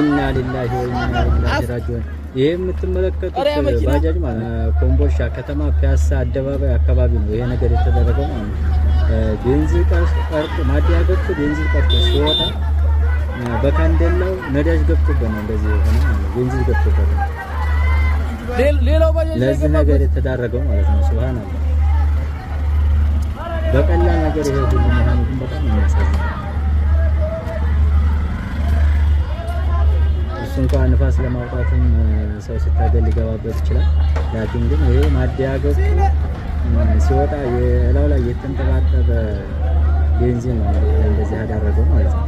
ኢና ሊላሂ ወኢና ኢለይሂ ራጂዑን። ይሄ የምትመለከቱት ባጃጅ ማለት ኮምቦልቻ ከተማ ፒያሳ አደባባይ አካባቢ ነው ይሄ ነገር የተደረገው ማለት ነው። ቤንዚን ቀርቶ ማዲያ ገብቶ ቤንዚን ቀርቶ ሲወጣ በካንደላው ነዳጅ ገብቶበት ነው እንደዚህ የሆነ ማለት ቤንዚን ገብቶበት ነው ለዚህ ነገር የተዳረገው ማለት ነው። ሱብሃንአላህ በቀላል ነገር ይሄ ሁሉ መሆኑ በጣም የሚያሳዝን እንኳን ንፋስ ለማውጣትም ሰው ሲታገል ሊገባበት ይችላል። ላኪን ግን ይሄ ማደያ ሲወጣ የእላው ላይ የተንጠባጠበ ቤንዚን ነው እንደዚህ ያዳረገው ማለት ነው።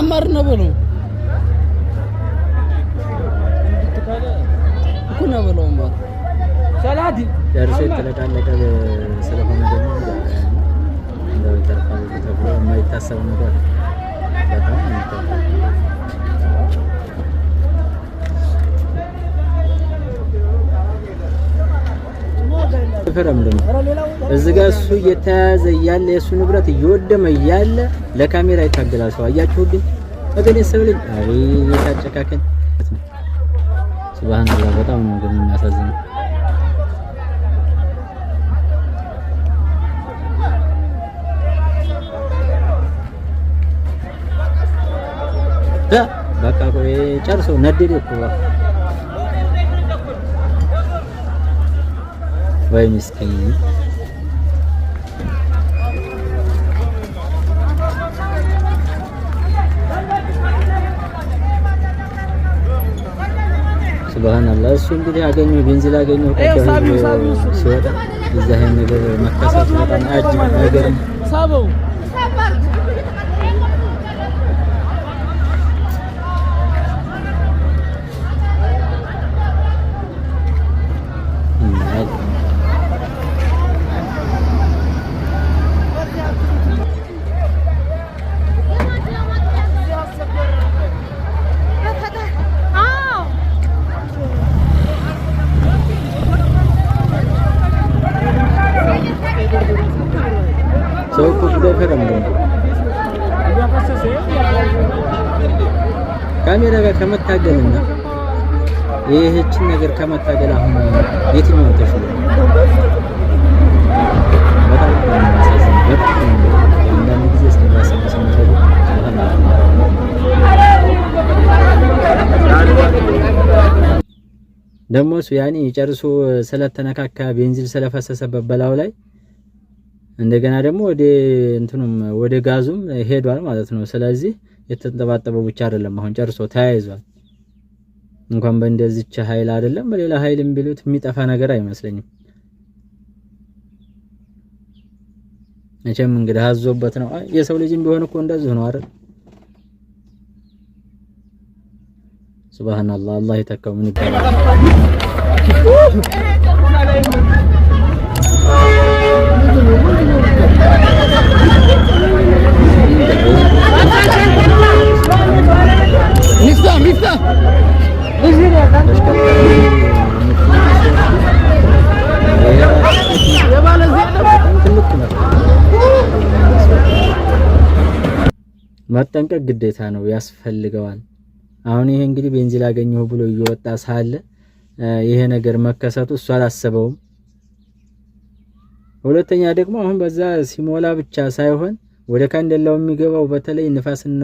አማር ነው ብሎ ደርሶ የተለቃለቀ ስለሆነ ደግሞ እንደው ይተርፋል ተብሎ የማይታሰብ ነገር በጣም እዚህ ጋር እሱ እየተያዘ እያለ የእሱ ንብረት እየወደመ እያለ ለካሜራ ይታገላል። ሰው አያችሁብኝ ወገኔ ሰብልኝ አቤት አጨካከን። ሱብሃንአላህ በጣም ነው የሚያሳዝነው። በቃ ቆይ ጨርሶ ነደደ እኮ ወይ ምስኪን። ሱብሃንአላህ እሱ እንግዲህ አገኘሁ ቤንዚል አገኘሁ ሲወጣ እዛ ይሄን ነገር መከሰቱ በጣም አጅብ ነገር ሰው ቁጥር ካሜራ ጋር ከመታገልና ይህችን ነገር ከመታገል አሁን የትኛው ተሽሎ ደግሞ እሱ ያኔ ጨርሶ ስለተነካካ ቤንዚል ስለፈሰሰበት በላው ላይ እንደገና ደግሞ ወደ እንትኑም ወደ ጋዙም ሄዷል ማለት ነው። ስለዚህ የተንጠባጠበ ብቻ አይደለም፣ አሁን ጨርሶ ተያይዟል። እንኳን በእንደዚች ኃይል አይደለም በሌላ ኃይልም ቢሉት የሚጠፋ ነገር አይመስለኝም። መቼም እንግዲህ አዞበት ነው። አይ የሰው ልጅም ቢሆን እኮ እንደዚህ ነው አይደል? ሱብሃንአላህ አላህ ይተካው ምን ይባላል? መጠንቀቅ ግዴታ ነው፣ ያስፈልገዋል። አሁን ይሄ እንግዲህ ቤንዚል አገኘሁ ብሎ እየወጣ ሳለ ይሄ ነገር መከሰቱ እሱ አላሰበውም። ሁለተኛ ደግሞ አሁን በዛ ሲሞላ ብቻ ሳይሆን ወደ ካንደላው የሚገባው በተለይ ንፋስና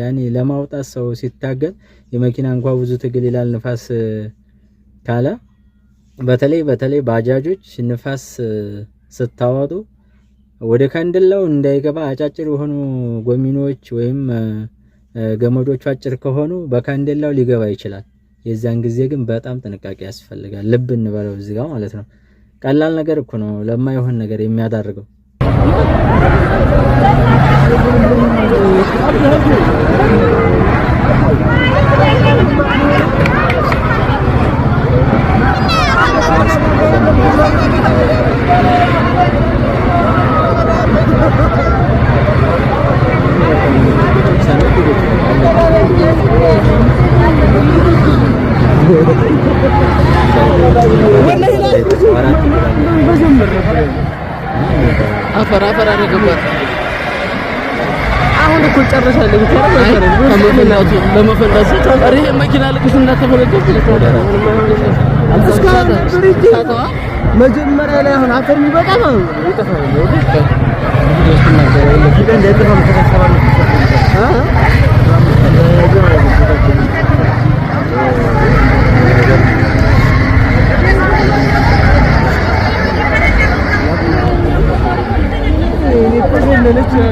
ያኔ ለማውጣት ሰው ሲታገል የመኪና እንኳ ብዙ ትግል ይላል። ንፋስ ካለ በተለይ በተለይ ባጃጆች ንፋስ ስታወጡ ወደ ካንደላው እንዳይገባ አጫጭር የሆኑ ጎሚኖች ወይም ገመዶቹ አጭር ከሆኑ በካንደላው ሊገባ ይችላል። የዛን ጊዜ ግን በጣም ጥንቃቄ ያስፈልጋል። ልብ እንበለው እዚህ ጋር ማለት ነው። ቀላል ነገር እኮ ነው ለማይሆን ነገር የሚያዳርገው። አፈር አፈር አደረገባት። አሁን እኮ ጨርሻለሁ። መኪና ልቅስ መጀመሪያ ላይ አሁን አፈር የሚበጣ Eh,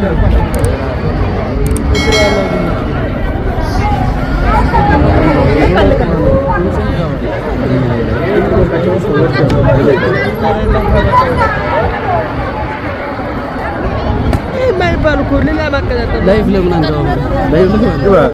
Live lah menang